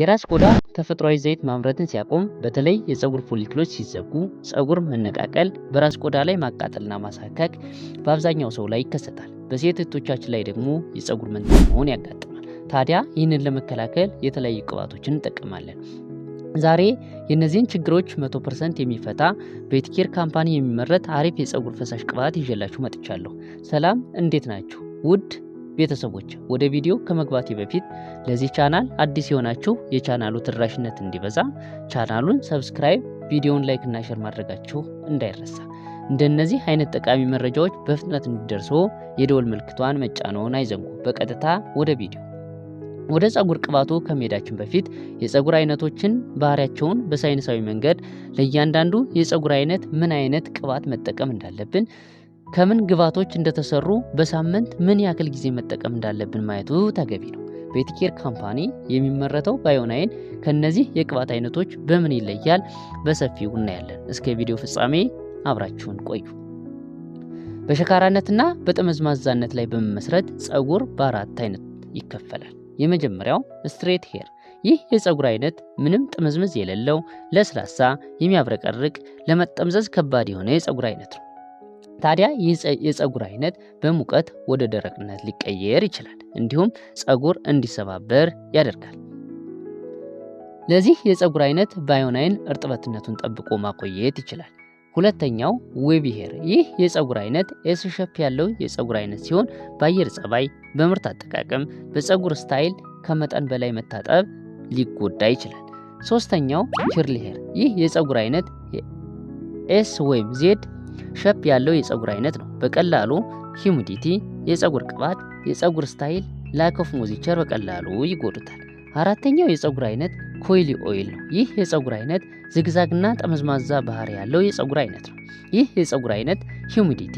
የራስ ቆዳ ተፈጥሯዊ ዘይት ማምረትን ሲያቆም በተለይ የፀጉር ፎሊክሎች ሲዘጉ ፀጉር መነቃቀል፣ በራስ ቆዳ ላይ ማቃጠልና ማሳከክ በአብዛኛው ሰው ላይ ይከሰታል። በሴት እህቶቻችን ላይ ደግሞ የፀጉር መንታ መሆን ያጋጥማል። ታዲያ ይህንን ለመከላከል የተለያዩ ቅባቶችን እንጠቀማለን። ዛሬ የእነዚህን ችግሮች 100% የሚፈታ በኢትኬር ካምፓኒ የሚመረት አሪፍ የፀጉር ፈሳሽ ቅባት ይዤላችሁ መጥቻለሁ። ሰላም፣ እንዴት ናችሁ? ውድ ቤተሰቦች ወደ ቪዲዮ ከመግባቴ በፊት ለዚህ ቻናል አዲስ የሆናችሁ የቻናሉ ተደራሽነት እንዲበዛ ቻናሉን ሰብስክራይብ፣ ቪዲዮውን ላይክ እና ሸር ማድረጋችሁ እንዳይረሳ። እንደነዚህ አይነት ጠቃሚ መረጃዎች በፍጥነት እንዲደርሱ የደወል ምልክቷን መጫንዎን አይዘንጉ። በቀጥታ ወደ ቪዲዮ ወደ ጸጉር ቅባቱ ከመሄዳችን በፊት የጸጉር አይነቶችን ባህሪያቸውን በሳይንሳዊ መንገድ ለእያንዳንዱ የጸጉር አይነት ምን አይነት ቅባት መጠቀም እንዳለብን ከምን ግባቶች እንደተሰሩ በሳምንት ምን ያክል ጊዜ መጠቀም እንዳለብን ማየቱ ተገቢ ነው። በኢቲኬር ካምፓኒ የሚመረተው ባዮናይን ከነዚህ የቅባት አይነቶች በምን ይለያል? በሰፊው እናያለን። እስከ ቪዲዮ ፍጻሜ አብራችሁን ቆዩ። በሸካራነትና በጠመዝማዛነት ላይ በመመስረት ጸጉር በአራት አይነት ይከፈላል። የመጀመሪያው ስትሬት ሄር ይህ የፀጉር አይነት ምንም ጥምዝምዝ የሌለው ለስላሳ፣ የሚያብረቀርቅ ለመጠምዘዝ ከባድ የሆነ የፀጉር አይነት ነው። ታዲያ ይህ የፀጉር አይነት በሙቀት ወደ ደረቅነት ሊቀየር ይችላል። እንዲሁም ፀጉር እንዲሰባበር ያደርጋል። ለዚህ የፀጉር አይነት ባዮናይን እርጥበትነቱን ጠብቆ ማቆየት ይችላል። ሁለተኛው ዌብ ሄር፣ ይህ የፀጉር አይነት ኤስ ያለው የፀጉር አይነት ሲሆን በአየር ጸባይ፣ በምርት አጠቃቀም፣ በፀጉር ስታይል ከመጠን በላይ መታጠብ ሊጎዳ ይችላል። ሶስተኛው ኪርሊ ሄር፣ ይህ የፀጉር አይነት ኤስ ወይም ዜድ ሸፕ ያለው የፀጉር አይነት ነው። በቀላሉ ሂሙዲቲ፣ የፀጉር ቅባት፣ የፀጉር ስታይል፣ ላክ ኦፍ ሞዚቸር በቀላሉ ይጎዱታል። አራተኛው የፀጉር አይነት ኮይሊ ኦይል ነው። ይህ የፀጉር አይነት ዝግዛግና ጠመዝማዛ ባህሪ ያለው የፀጉር አይነት ነው። ይህ የፀጉር አይነት ሂሙዲቲ፣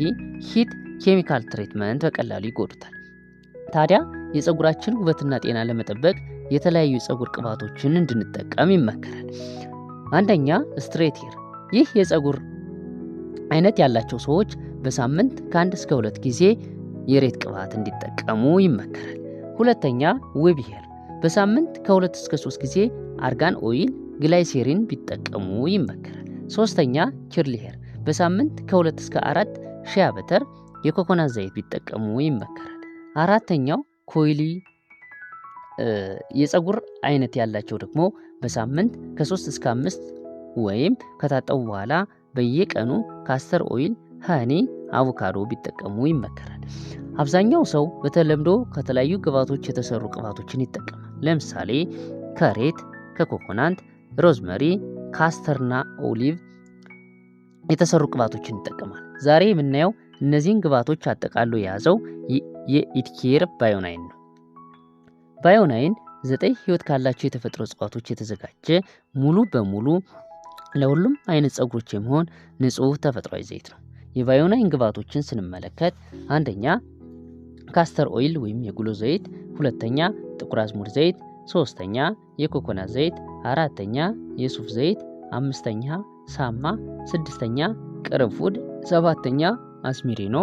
ሂት፣ ኬሚካል ትሪትመንት በቀላሉ ይጎዱታል። ታዲያ የፀጉራችን ውበትና ጤና ለመጠበቅ የተለያዩ የፀጉር ቅባቶችን እንድንጠቀም ይመከራል። አንደኛ ስትሬት ሄር። ይህ የፀጉር አይነት ያላቸው ሰዎች በሳምንት ከአንድ እስከ ሁለት ጊዜ የሬት ቅባት እንዲጠቀሙ ይመከራል። ሁለተኛ ዌብሄር በሳምንት ከሁለት እስከ ሶስት ጊዜ አርጋን ኦይል፣ ግላይሴሪን ቢጠቀሙ ይመከራል። ሶስተኛ ኪርሊሄር በሳምንት ከሁለት እስከ አራት ሺያ በተር የኮኮና ዘይት ቢጠቀሙ ይመከራል። አራተኛው ኮይሊ የፀጉር አይነት ያላቸው ደግሞ በሳምንት ከሶስት እስከ አምስት ወይም ከታጠቡ በኋላ በየቀኑ ካስተር ኦይል፣ ሃኒ፣ አቮካዶ ቢጠቀሙ ይመከራል። አብዛኛው ሰው በተለምዶ ከተለያዩ ግብዓቶች የተሰሩ ቅባቶችን ይጠቀማል። ለምሳሌ ከሬት፣ ከኮኮናንት፣ ሮዝመሪ፣ ካስተርና ኦሊቭ የተሰሩ ቅባቶችን ይጠቀማል። ዛሬ የምናየው እነዚህን ግብዓቶች አጠቃሎ የያዘው የኢትኬር ባዮናይን ነው። ባዮናይን ዘጠኝ ህይወት ካላቸው የተፈጥሮ እጽዋቶች የተዘጋጀ ሙሉ በሙሉ ለሁሉም አይነት ፀጉሮች የሚሆን ንጹህ ተፈጥሯዊ ዘይት ነው። የቫዮናይን ግብዓቶችን ስንመለከት አንደኛ ካስተር ኦይል ወይም የጉሎ ዘይት፣ ሁለተኛ ጥቁር አዝሙድ ዘይት፣ ሶስተኛ የኮኮናት ዘይት፣ አራተኛ የሱፍ ዘይት፣ አምስተኛ ሳማ፣ ስድስተኛ ቅርንፉድ፣ ሰባተኛ አስሚሪኖ፣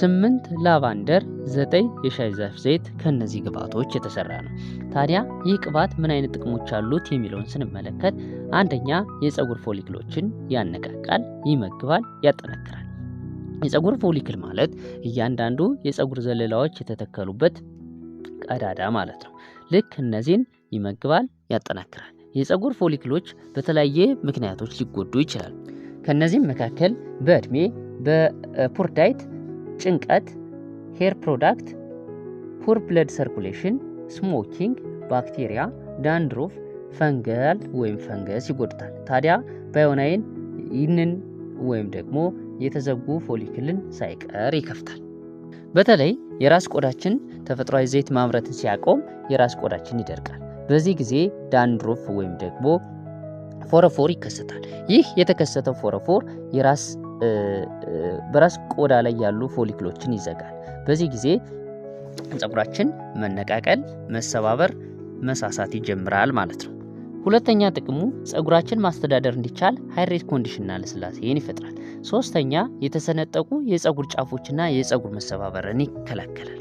ስምንት ላቫንደር፣ ዘጠኝ የሻይ ዛፍ ዘይት ከእነዚህ ግብዓቶች የተሰራ ነው። ታዲያ ይህ ቅባት ምን አይነት ጥቅሞች አሉት የሚለውን ስንመለከት አንደኛ የፀጉር ፎሊክሎችን ያነቃቃል፣ ይመግባል፣ ያጠናክራል። የፀጉር ፎሊክል ማለት እያንዳንዱ የፀጉር ዘለላዎች የተተከሉበት ቀዳዳ ማለት ነው። ልክ እነዚህን ይመግባል፣ ያጠናክራል። የፀጉር ፎሊክሎች በተለያየ ምክንያቶች ሊጎዱ ይችላል። ከእነዚህም መካከል በእድሜ፣ በፑር ዳይት፣ ጭንቀት፣ ሄር ፕሮዳክት፣ ፑር ብለድ ሰርኩሌሽን ስሞኪንግ ባክቴሪያ፣ ዳንድሮፍ፣ ፈንገል ወይም ፈንገስ ይጎድታል። ታዲያ ባዮናይን ይህንን ወይም ደግሞ የተዘጉ ፎሊክልን ሳይቀር ይከፍታል። በተለይ የራስ ቆዳችን ተፈጥሯዊ ዘይት ማምረትን ሲያቆም የራስ ቆዳችን ይደርቃል። በዚህ ጊዜ ዳንድሮፍ ወይም ደግሞ ፎረፎር ይከሰታል። ይህ የተከሰተው ፎረፎር የራስ በራስ ቆዳ ላይ ያሉ ፎሊክሎችን ይዘጋል። በዚህ ጊዜ ፀጉራችን መነቃቀል፣ መሰባበር፣ መሳሳት ይጀምራል ማለት ነው። ሁለተኛ ጥቅሙ ፀጉራችን ማስተዳደር እንዲቻል ሃይሬት ኮንዲሽንና ልስላሴን ይፈጥራል። ሶስተኛ የተሰነጠቁ የፀጉር ጫፎችና የፀጉር መሰባበርን ይከላከላል።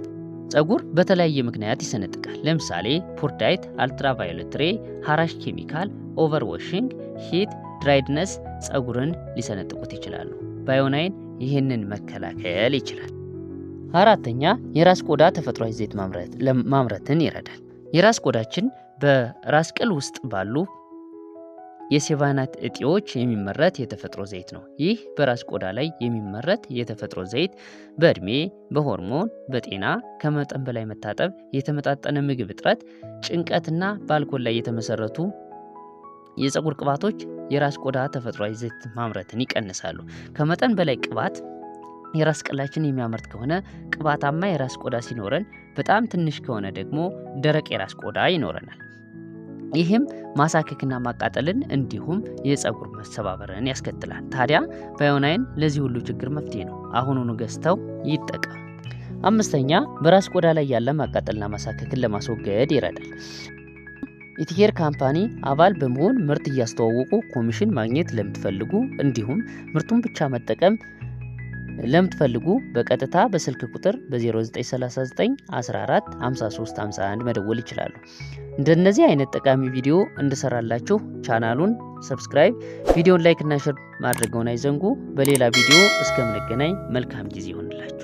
ፀጉር በተለያየ ምክንያት ይሰነጥቃል። ለምሳሌ ፖርዳይት፣ አልትራቫዮሌት ሬ፣ ሀራሽ ኬሚካል፣ ኦቨር ዋሽንግ፣ ሂት፣ ድራይድነስ ፀጉርን ሊሰነጥቁት ይችላሉ። ባዮናይን ይህንን መከላከል ይችላል። አራተኛ የራስ ቆዳ ተፈጥሯዊ ዘይት ማምረትን ይረዳል። የራስ ቆዳችን በራስ ቅል ውስጥ ባሉ የሴቫናት እጢዎች የሚመረት የተፈጥሮ ዘይት ነው። ይህ በራስ ቆዳ ላይ የሚመረት የተፈጥሮ ዘይት በእድሜ፣ በሆርሞን፣ በጤና፣ ከመጠን በላይ መታጠብ፣ የተመጣጠነ ምግብ እጥረት፣ ጭንቀትና በአልኮል ላይ የተመሰረቱ የፀጉር ቅባቶች የራስ ቆዳ ተፈጥሯዊ ዘይት ማምረትን ይቀንሳሉ። ከመጠን በላይ ቅባት የራስ ቅላችን የሚያመርት ከሆነ ቅባታማ የራስ ቆዳ ሲኖረን፣ በጣም ትንሽ ከሆነ ደግሞ ደረቅ የራስ ቆዳ ይኖረናል። ይህም ማሳከክና ማቃጠልን እንዲሁም የፀጉር መሰባበርን ያስከትላል። ታዲያ ባዮናይን ለዚህ ሁሉ ችግር መፍትሄ ነው። አሁኑኑ ገዝተው ይጠቀም። አምስተኛ በራስ ቆዳ ላይ ያለ ማቃጠልና ማሳከክን ለማስወገድ ይረዳል። ኢቲኬር ካምፓኒ አባል በመሆን ምርት እያስተዋወቁ ኮሚሽን ማግኘት ለምትፈልጉ እንዲሁም ምርቱን ብቻ መጠቀም ለምትፈልጉ በቀጥታ በስልክ ቁጥር በ0939 14 53 51 መደወል ይችላሉ። እንደነዚህ አይነት ጠቃሚ ቪዲዮ እንድሰራላችሁ ቻናሉን ሰብስክራይብ፣ ቪዲዮን ላይክ እና ሸር ማድረገውን አይዘንጉ። በሌላ ቪዲዮ እስከምንገናኝ መልካም ጊዜ ይሆንላችሁ።